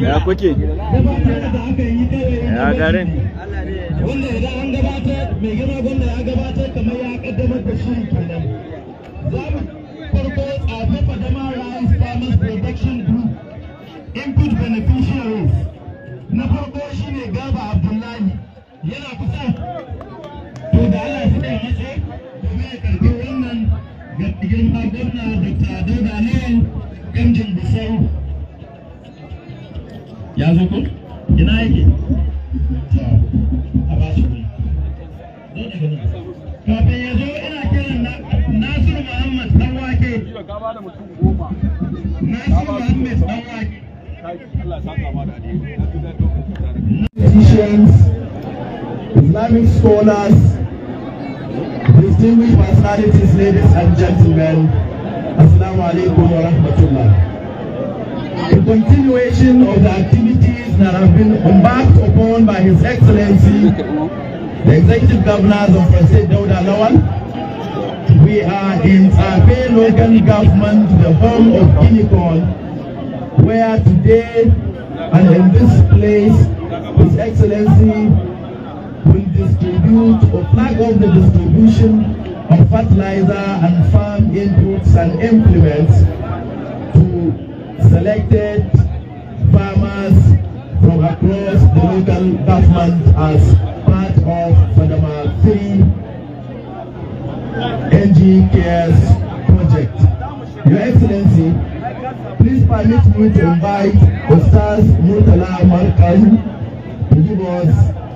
ya kuke yi ya garin wanda idan an gabatar mai gina gwamna ya gabatar kamar ya kaddamar da shi kenan za mu farko tsafe fadama farmers production group input beneficiaries na farko shine gaba abdullahi yana kusa to da Allah da girma gwamna Dr. Dauda Lawan Gamjin Busau. Ya zo ko? Ina yake? A ba su Kafin ya zo ina kiran Nasiru Muhammad ɗan wake. Nasiru Muhammad ɗan wake. Musicians, Islamic scholars, Distinguished personalities, ladies and gentlemen, Assalamu alaikum wa rahmatullah. In continuation of the activities that have been embarked upon by His Excellency, the Executive Governors of President Dauda Lawan, we are in Taipei local government, the home of Kinikon, where today and in this place, His Excellency we distribute or flag off the distribution of fertilizer and farm inputs and implements to selected farmers from across the local government as part of the 3 NGKS project. Your Excellency, please permit me to invite Ustaz Murtala Markan to give us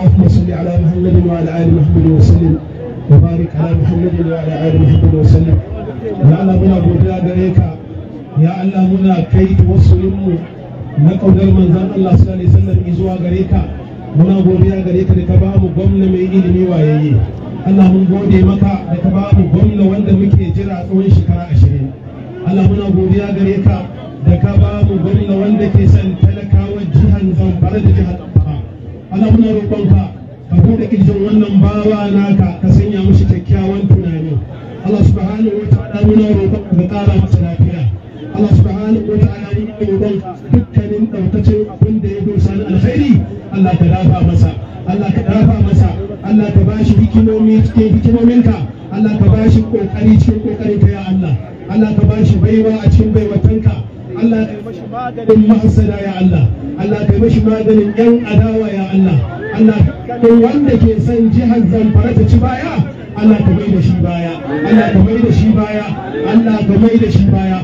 اللهم صل على محمد وعلى ال محمد وسلم وبارك على محمد وعلى ال محمد وسلم يا الله منا godiya gare ka ya Allah muna kai tawassulin mu na kaunar manzon Allah sallallahu alaihi wasallam zuwa gare ka muna godiya gare ka da ka ba mu gwamna mai ilimi wayayye Allah mun gode maka da ka ba mu gwamna wanda muke jira tsawon shekara ashirin Allah muna godiya gare ka da ka ba mu gwamna wanda ke son talakawan jihar Zamfara da jihar Allah muna roƙonka ka bude ƙirjin wannan bawa naka ka sanya mishi kyakkyawan tunani Allah subhanahu wa ta'ala muna roƙonka ka ƙara masa lafiya Allah subhanahu wa ta'ala muna roƙonka dukkanin ɗaukacin abin da ya dosa na alkhairi Allah ka dafa masa Allah ka dafa masa Allah ka bashi hikimomi cikin hikimominka Allah ka bashi ƙoƙari cikin kokarinka ya Allah Allah ka bashi baiwa a cikin baiwatanka Allah ka bashi maganin mahasada ya Allah Allah kai mashi maganin yan adawa ya Allah Allah kai wanda ke son jihar Zamfara ta ci baya Allah ka mai da shi baya Allah ka mai da shi baya Allah ka mai da shi baya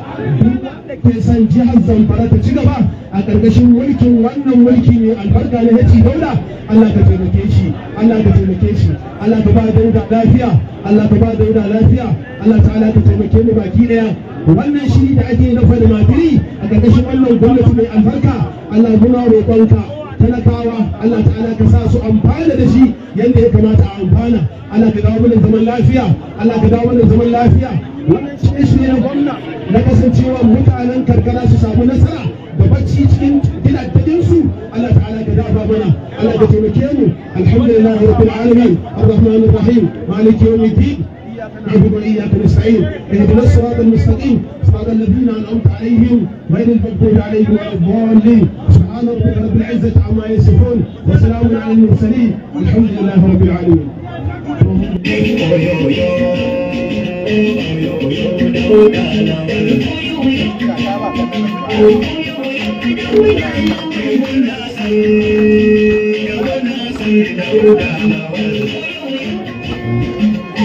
ke son jihar Zamfara ta ci gaba a ƙarƙashin mulkin wannan mulki ne albarka na yaci daula Allah ka taimake shi Allah ka taimake shi Allah ka ba dauda lafiya Allah ka ba dauda lafiya Allah ta'ala ka taimake mu baki daya wannan shiri da ake na fadimatiri a ƙarƙashin wannan gwamnati mai albarka Allah muna roƙonka talakawa Allah ta'ala ka sa su amfana da shi yadda ya kamata a amfana Allah ka dawo mana zaman lafiya Allah ka dawo mana zaman lafiya wannan shirye gwamna na kasancewa mutanen karkara su samu nasara da bacci cikin gidajensu Allah ta'ala ka dafa mana Allah ka taimake mu alhamdulillah rabbil alamin arrahmanir rahim maliki yawmiddin نعبد واياك نستعين اهدنا الصراط المستقيم صراط الذين انعمت عليهم غير المغضوب عليهم ولا الضالين سبحان ربك رب العزه عما يصفون وسلام على المرسلين والحمد لله رب العالمين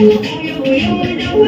Thank you. I'm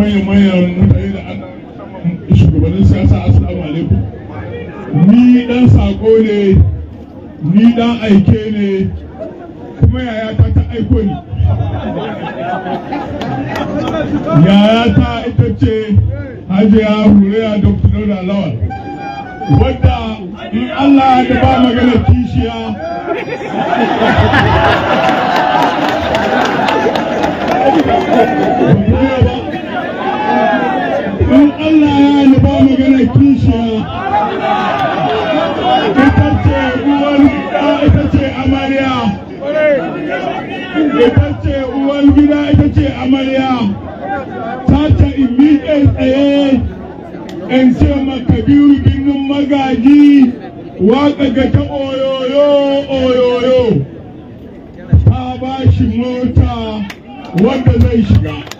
manya-manyan mutane da shugabannin siyasa assalamu alaikum ni dan sako ne ni dan aike ne kuma yayata ta aiko ni yayata ita ce hajiya huriya dr dauda lawal wadda in allah da ba magana kishiya Allah ya ba magana kishiya ita ce uwan ita ce amarya ita ce uwan gida ita ce amarya ta ce in miƙe tsaye in ce maka biyu ginin magaji waka ga ta oyoyo oyoyo ta ba shi mota wanda zai shiga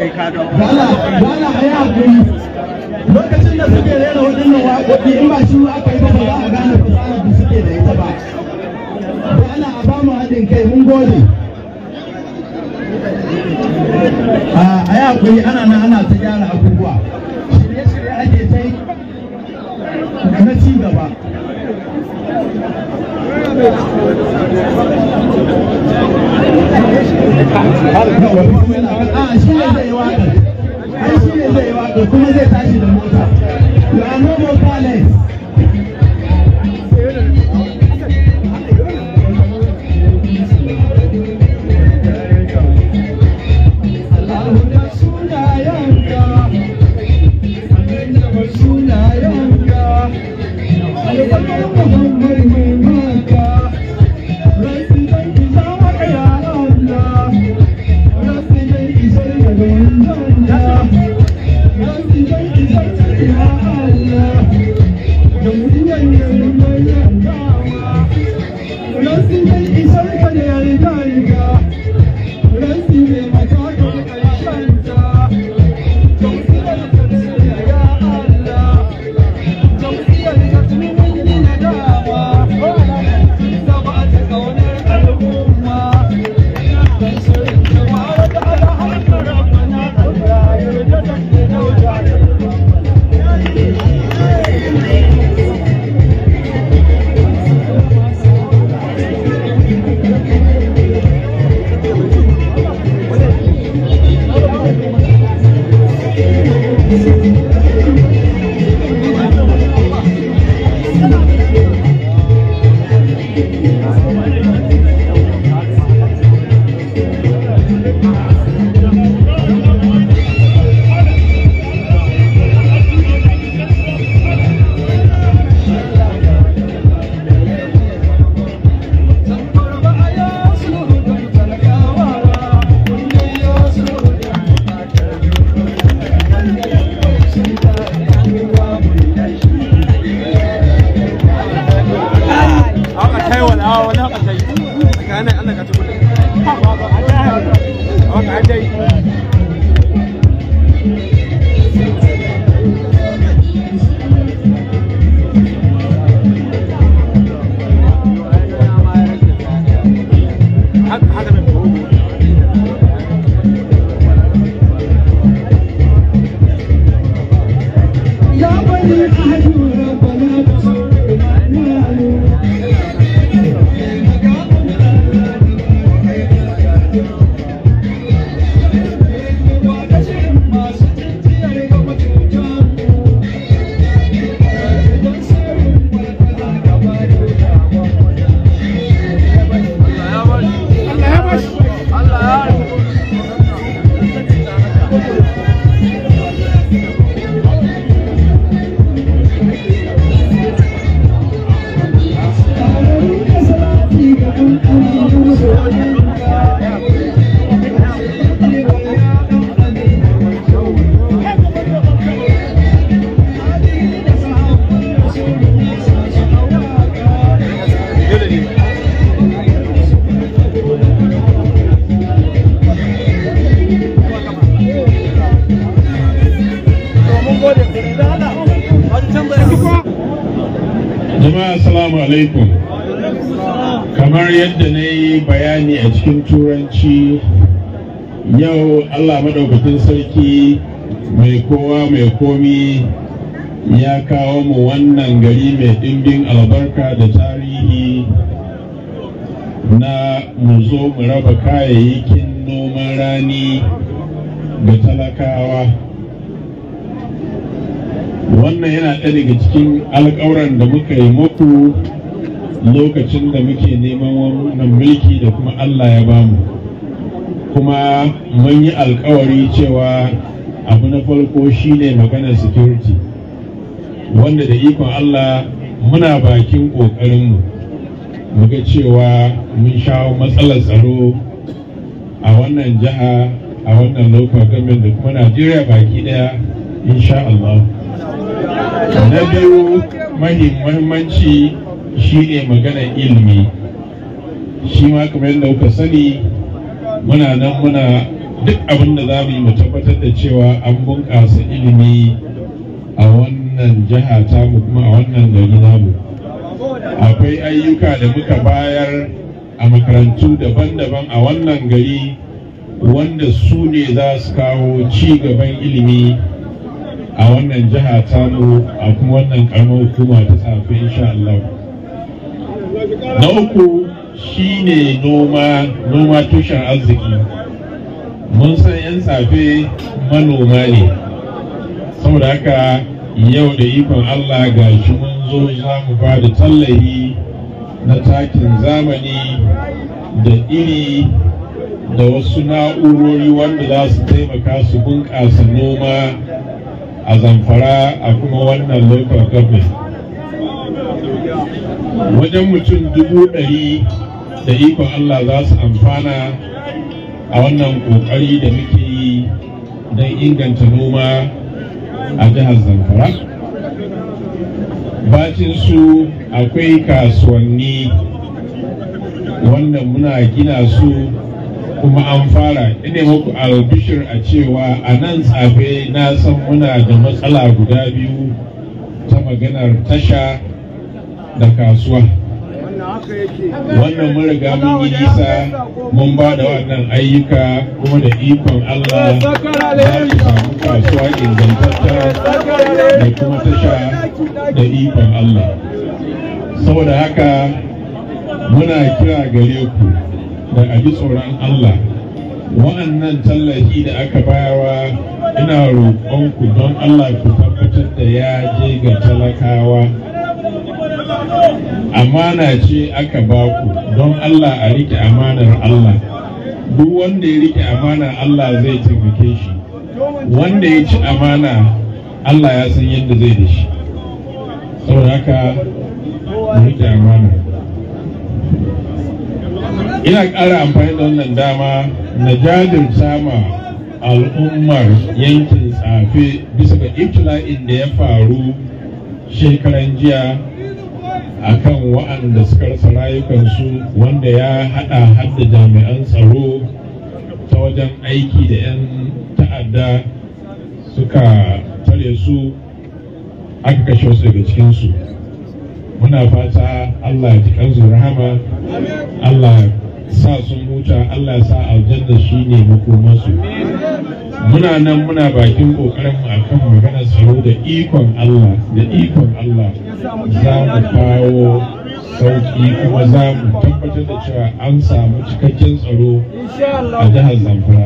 kai ka dawo bala bala ayi hakuri lokacin da suke rera waɗannan waƙoƙi in ba shi aka yi ba ba za a gane fasahar da suke da ita ba bala a ba mu haɗin kai mun gode a yi hakuri ana nan ana ta gyara abubuwa shirye-shirye ake ta yi na ci gaba Thank you. a shi ne yi kuma zai tashi da mota alaikum. Kamar yadda na yi bayani a cikin turanci yau Allah maɗaukacin sarki mai kowa mai komi ya kawo mu wannan gari mai ɗimbin albarka da tarihi na mu zo mu raba kayayyakin noman rani ga talakawa. wannan yana ɗaya daga cikin alƙawuran da muka yi muku lokacin da muke neman wannan mulki da kuma Allah ya bamu kuma mun yi alƙawari cewa abu na farko shine maganar security wanda da ikon Allah muna bakin ƙoƙarinmu muga cewa mun shawo matsalar tsaro a wannan jiha a wannan local government da kuma Najeriya baki ɗaya insha Allah. na biyu mahimmanci shi ne magana ilimi shi ma kamar yadda kuka sani muna nan muna duk abin da za mu yi mu tabbatar da cewa an bunƙasa ilimi a wannan jiha mu kuma a wannan gari namu akwai ayyuka da muka bayar a makarantu daban-daban a wannan gari wanda su ne za su kawo ci gaban ilimi a wannan jiha ta a kuma wannan karamar hukuma ta safe insha Allah na uku shine noma noma tushen arziki mun san 'yan safe manoma ne saboda haka yau da ikon Allah ga shi mun zo za mu ba da tallahi na takin zamani da iri da wasu na'urori wanda za su taimaka su bunƙasa noma a zamfara a kuma wannan local government wajen mutum dubu ɗari da ikon Allah za su amfana a wannan ƙoƙari da muke yi don inganta noma a jihar zamfara bacin su akwai kasuwanni wannan muna gina su kuma an fara ina muku albishir a cewa a nan tsafe na san muna da matsala guda biyu ta maganar tasha da kasuwa wannan muriga mun yi nisa mun ba da wannan ayyuka kuma da ikon Allah za ku samu kasuwa ingantatta da kuma tasha da ikon Allah saboda haka muna kira gare ku da a ji tsoron Allah wa'annan tallafi da aka bayawa ina roƙonku don Allah ku tabbatar da ya je ga talakawa amana ce aka baku don Allah a rike amanar Allah duk wanda ya rike amanar Allah zai taimake shi wanda ya ci amana Allah ya san yadda zai da shi saboda haka mu rike amana ina ƙara amfani da wannan dama na jadin sama al'ummar yankin tsafe bisa ga ibtila'in da ya faru shekaran jiya a kan wa'anda suka rasa rayukansu wanda ya haɗa hadda jami'an tsaro ta wajen aiki da 'yan ta'adda suka tare su aka kashe wasu daga cikinsu muna fata allah ya ji rahama allah sa sun huta Allah sa aljanna shi ne muna nan muna bakin kokarin mu kan magana tsaro da ikon Allah da ikon Allah za mu kawo sauki kuma za mu tabbatar da cewa an samu cikakken tsaro a jihar Zamfara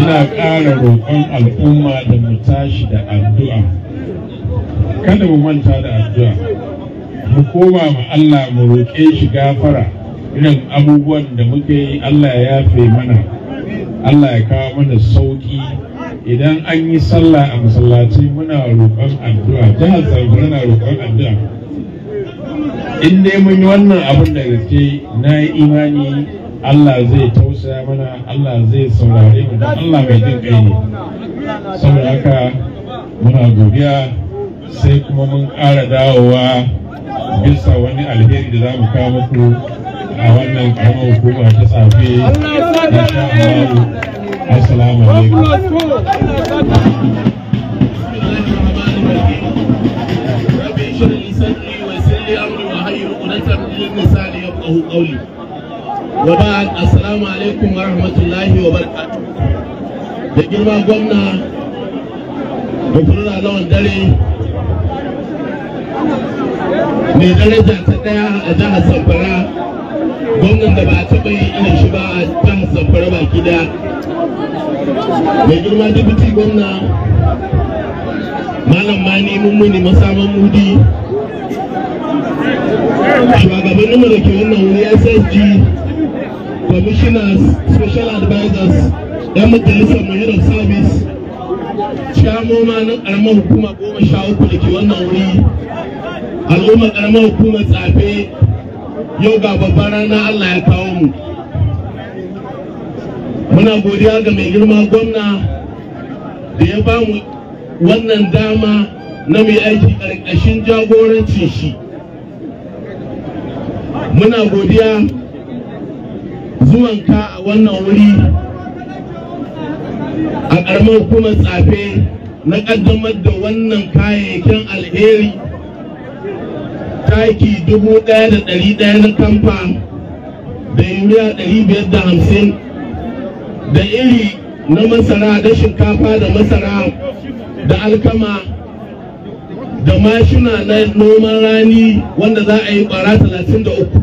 ina ƙara roƙon al'umma da mu tashi da addu'a kada mu manta da addu'a mu koma ma Allah mu roƙe shi gafara irin abubuwan da muke yi Allah ya yafe mana Allah ya kawo mana sauki idan an yi sallah a masallaci muna roƙon addu'a jihar Zamfara na roƙon addu'a in dai mun yi wannan abin da gaske na yi imani Allah zai tausaya mana Allah zai saurare mu don Allah mai jin kai ne saboda haka muna godiya sai kuma mun ƙara dawowa bisa wani alheri da za mu kawo muku a wannan karamar hukuma ta safe insha Allah assalamu alaikum يفقه قولي وبعد السلام عليكم ورحمة الله وبركاته da girma gwamna da kurura lawan dare mai daraja ta daya a jihar samfara gwamnan da ba a taɓa yi irin shi ba a ɗan zamfara baki da mai girma dibiti gwamna malam ma mani mummuni masaman mudi shugabanninmu da ke wannan wuri ssg commissioners special advisors yan majalisar mayor service shamoma na karamar hukuma goma sha uku da ke wannan wuri al'ummar karamar hukuma tsafe yau ga babban rana Allah ya kawo mu muna godiya ga mai girma gwamna da ya ba mu wannan dama na mai aiki ƙarƙashin jagorancin shi muna godiya ka a wannan wuri a ƙaramar hukumar tsafe na ƙaddamar da wannan kayayyakin alheri taki dubu ɗaya da ɗari ɗaya na kamfa da yuriya ɗari biyar da hamsin da iri na masara da shinkafa da masara da alkama da mashina na noman rani wanda za a yi ƙwara talatin da uku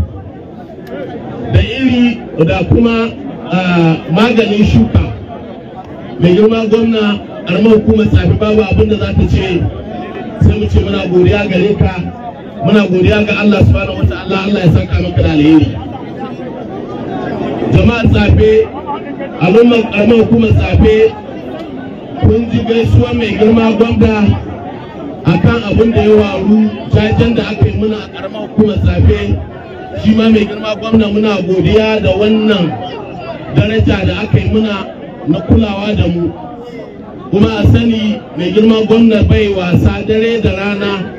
da iri da kuma maganin shuka mai girma gwamna armar hukumar tsafi babu abinda za ta ce sai mu ce muna godiya gare ka muna godiya ga Allah subhanahu ta'ala Allah ya saka maka da alheri jama'a tsafe al'umman karamar hukumar tsafe kun ji gaisuwa mai girma gwamna akan abin da ya waru jajen da aka yi muna a karamar hukumar tsafe shi ma mai girma gwamna muna godiya da wannan daraja da aka yi muna na kulawa da mu kuma a sani mai girma gwamna bai wasa dare da rana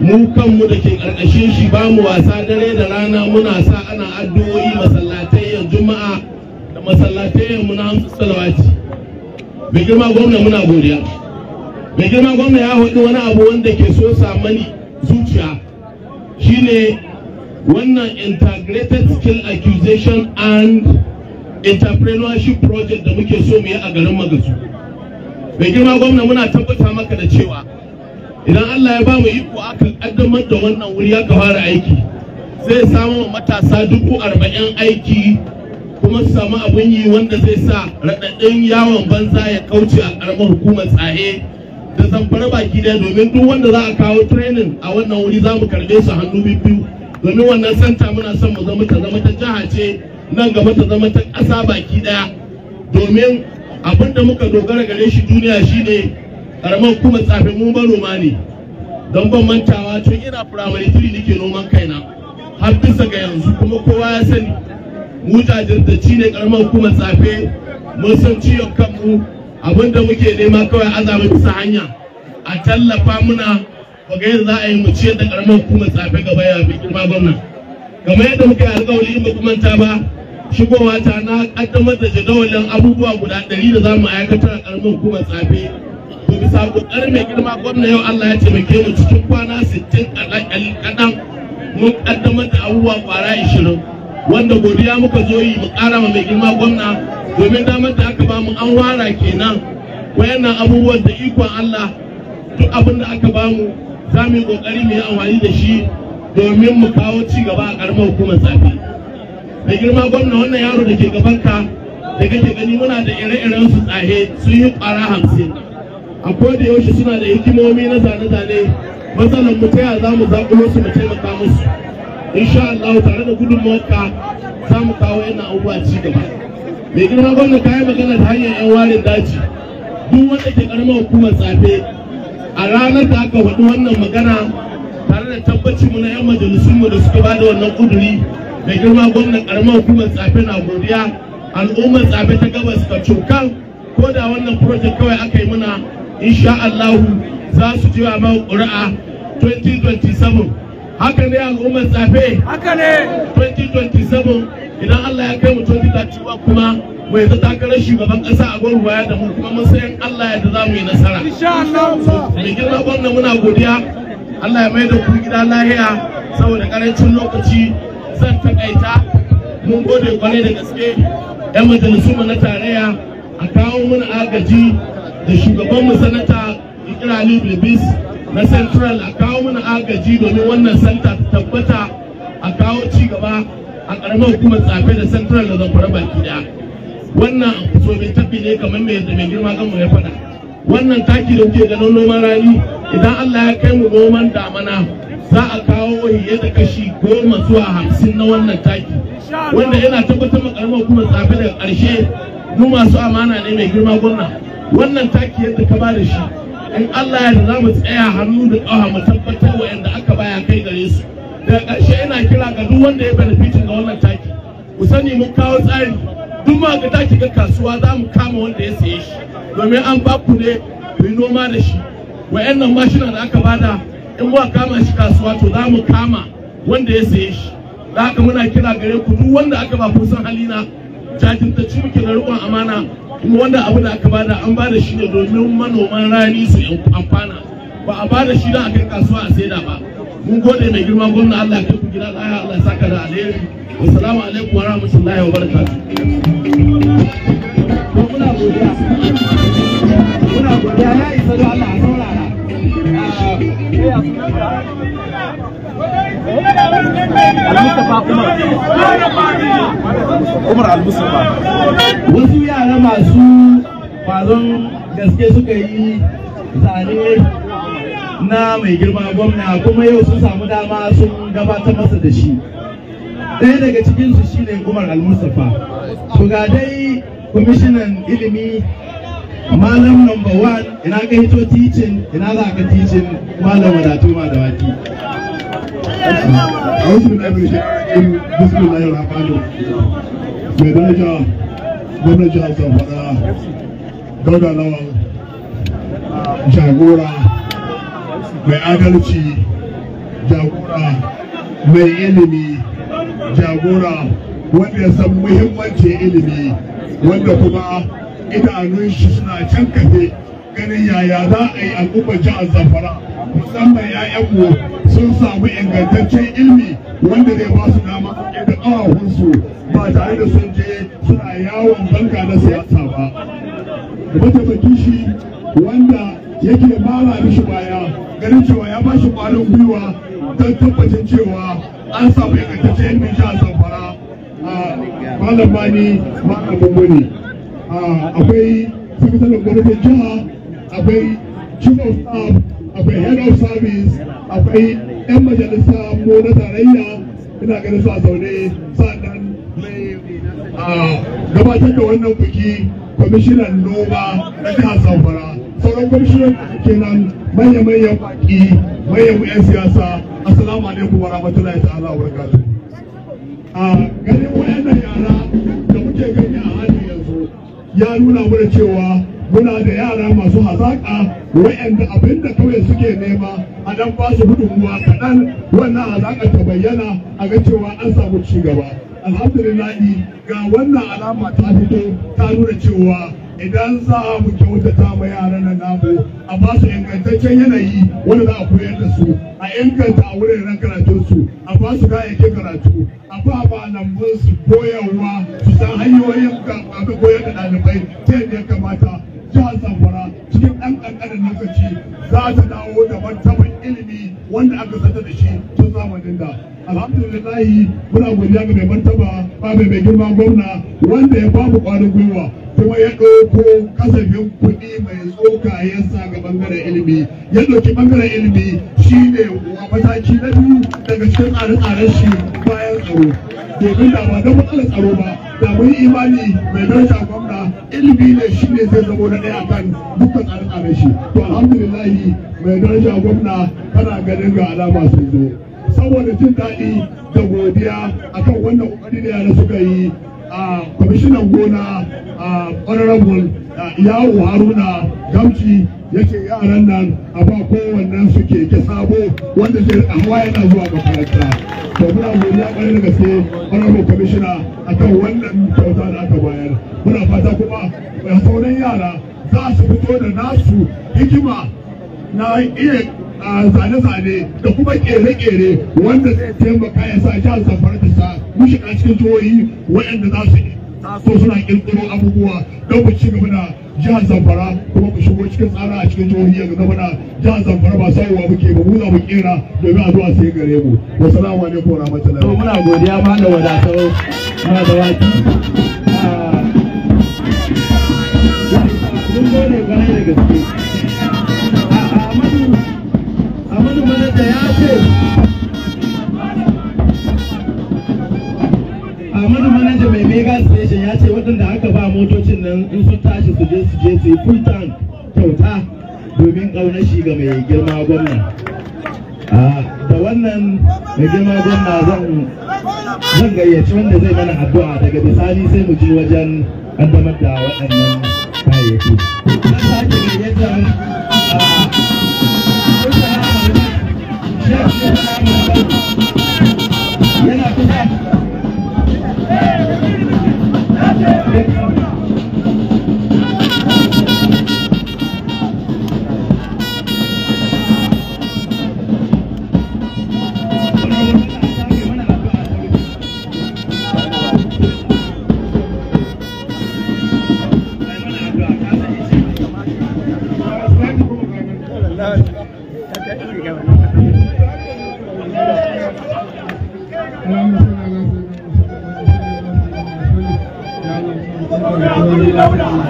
mu kanmu da ke ƙarƙashin shi ba mu wasa dare da rana muna sa ana addu'o'i masallatayyar juma'a da masallatai mu muna hamsu salawati mai girma gwamna muna godiya Bai girma gwamna ya haɗu wani abu wanda ke so samani zuciya shine wannan integrated skill accusation and entrepreneurship project da muke so mu yi a garin magasu mai girma gwamna muna tabbata maka da cewa idan Allah ya ba mu iko aka kaddamar da wannan wuri ya aka fara aiki zai samu matasa dubu arba'in aiki kuma su samu abun yi wanda zai sa raɗaɗɗen yawon banza ya kauce a ƙaramar hukumar tsaye da zamfara baki ɗaya domin duk wanda za a kawo training a wannan wuri za mu karɓe su hannu biyu domin wannan santa muna son mu zama ta zama ta jiha ce nan gaba ta zama ta ƙasa baki ɗaya domin abin da muka dogara gare shi duniya shine karamar hukumar tsafin mu noma ne don ban mantawa tun ina firamare tiri nake noman kaina har bisa ga yanzu kuma kowa ya sani mu jajirtacci ne karamar kuma tsafe mun san ciwon kanmu abinda muke nema kawai azami bisa hanya a tallafa muna ga yadda za a yi mu ciyar da karamar kuma tsafe gaba ya fi girma gwamna kamar yadda muka yi alkawari in ba manta ba shigowa ta na kaddamar da jadawalin abubuwa guda ɗari da za mu aikatar a karamar hukumar tsafe bisa kokarin mai girma gwamna yau Allah ya taimake mu cikin kwana 60 kadan mun kaddamar da abubuwa kwara 20 wanda godiya muka zo yi mu kara ma mai girma gwamna domin damar da aka bamu an wara kenan wayannan abubuwan da ikon Allah duk abin da aka bamu za mu yi kokari mu yi amfani da shi domin mu kawo ci gaba a karamar hukumar zafi mai girma gwamna wannan yaro da ke gabanka da kake gani muna da ire-iren su tsahe sun yi kwara hamsin a koda yaushe suna da hikimomi na zane-zane matsalar mu ta za mu zaɓulo su mu taimaka musu insha Allah tare da gudun mawaka za mu kawo yana abubuwa ci gaba mai girma gwamna kayan magana ta hanyar yan warin daji duk wanda ke karamar hukumar tsafe a ranar da aka faɗi wannan magana tare da tabbaci mu na yan majalisun mu da suka bada wannan kuduri mai girma gwamna karamar hukumar safe na godiya al'ummar tsafe ta gabas ka cokan ko da wannan project kawai aka yi muna insha Allah za su ji a man ƙura'a 2027 haka ne al'ummar safe haka ne 2027 idan Allah ya kai mu 2031 kuma mai ta takarar shugaban ƙasa a gwarwaya da mu kuma mun san Allah ya da za mu yi nasara insha Allah mai girma gwamna muna godiya Allah ya mai da ku gida lahiya saboda karancin lokaci zan takaita mun gode kwarai da gaske 'yan mu na tarayya a kawo mana agaji da shugabanmu sanata ikirali bilbis na central a kawo mana agaji domin wannan santa ta tabbata a kawo cigaba a ƙaramin hukumar tsafe da central da zamfara baki daya wannan so mai tafi ne kamar mai da mai girma kanmu ya faɗa wannan taki da kuke ganin noman rani idan allah ya kai mu noman damana za a kawo fiye da kashi goma zuwa hamsin na wannan taki wanda yana tabbatar ma ƙaramin hukumar tsafe daga ƙarshe mu masu amana ne mai girma gwamna wannan taki yadda ka ba da shi in Allah ya za mu tsaya hannu da ƙawa mu tabbatar wa yanda aka baya kai gare su daga ƙarshe ina kira ga duk wanda ya benefitin ga wannan taki ku sani mun kawo tsari duk ma ga taki ga kasuwa za mu kama wanda ya saye shi domin an ba ku ne ku yi noma da shi wa'annan mashina da aka bada in ba kama shi kasuwa to za mu kama wanda ya saye shi da haka muna kira gare ku duk wanda aka ba kusan halina jajirtacci muke da riƙon amana kuma wanda abu da aka da an bada shi ne domin manoman rani su amfana ba a bada shi don a kai kasuwa a saida ba mun gode mai girma gwamna Allah ya gida Allah ya saka da alheri assalamu alaikum wa rahmatullahi wa barakatuh muna godiya muna godiya umar almusulma wasu yara masu kwazon gaske suka yi zane na mai girma gwamna kuma yau sun samu dama sun gabatar masa da shi ɗaya daga cikinsu shine umar almusulma to ga dai kwamishinan ilimi malam number one ina ka hito teaching, ina za ka teaching malam wadatu ma da waki a wasu bin abin shi in mai daraja gwamnan jihar jagora mai adalci jagora mai ilimi jagora wanda ya san muhimmancin ilimi wanda kuma idanun shi suna can kafe ganin yaya za a yi al'ummar jihar zafara musamman 'ya'yanmu sun samu ingantaccen ilmi wanda zai ba su dama da awahunsu ba tare da sun je suna yawon banka na siyasa ba mataimakin shi wanda yake mara shi baya ganin cewa ya ba shi ƙwarin gwiwa don tabbacin cewa an samu ingantaccen ilmi jihar zamfara malam bani ma abubuwa ne akwai sakataren gwamnatin jiha akwai chief of staff akwai head of service akwai yan majalisa mu na tarayya ina ganin sa zaune sa'annan mai gabatar da wannan biki kwamishinan noma na jihar zamfara sauran kwamishinan kenan manya-manyan baki manyan 'yan siyasa assalamu alaikum wa rahmatullahi ta'ala wa barakatuh a ganin wayannan yara da muke gani a halin yanzu ya nuna mana cewa muna da yara masu hazaƙa wa'anda abin da kawai suke nema a dan ba su gudunmuwa kaɗan wannan hazaƙa ta bayyana a ga cewa an samu ci gaba alhamdulillahi ga wannan alama ta fito ta nuna cewa idan za mu kyautata ma yara na namu a ba su ingantaccen yanayi wanda za a koyar da su a inganta a wuraren karatun su a ba su kayayyakin karatu a ba malaman su koyarwa su san hanyoyin koyar da ɗalibai ta yadda ya kamata jihar zamfara cikin ɗan ƙanƙanin lokaci za ta dawo da martaban ilimi wanda aka zata da shi tun zamanin da alhamdulillahi muna godiya ga mai martaba ba mai girma gwamna wanda ya bamu ƙwarin gwiwa kuma ya ɗauko kasafin kuɗi mai tsoka ya sa ga ɓangaren ilimi ya ɗauki ɓangaren ilimi shi ne mataki na biyu daga cikin tsare-tsaren shi bayan tsaro domin da ba don matsalar tsaro ba da mun imani mai daraja gwamna da ilimi ne shi ne zai zama na ɗaya kan dukkan alƙalar shi to alhamdulillahi mai daraja gwamna tana ganin ga alama sun zo saboda jin daɗi da godiya akan wannan ƙoƙari da suka yi a kwamishinan gona a honorable yawo haruna gamci yake yaran nan a ba kowannen su keke sabo wanda zai hawa yana zuwa makaranta to muna godiya kwarai da gaske honorable commissioner akan wannan kyauta da aka bayar muna fata kuma sauran yara za su fito da nasu hikima na iya zane-zane da kuma kere-kere wanda zai taimaka ya sa jihar zamfara ta sa mushiga cikin jihohi waɗanda za su so suna ƙirƙiro abubuwa don mu ci gaba da jihar zamfara kuma mu shigo cikin tsara a cikin jihohi yanzu na jihar zamfara ba wa muke ba mu za mu kera domin a zuwa sai gare mu wa salamu alaikum wa rahmatullahi to muna godiya ma da wadatau muna da waki ah. mun gode da gaske kuɗin da aka ba motocin nan in sun tashi su je su je su yi full kyauta domin ƙaunar shi ga mai girma gwamna da wannan mai girma gwamna zan zan gayyaci wanda zai mana addu'a daga bisani sai mu je wajen kaddamar da waɗannan kayayyaki. Thank you.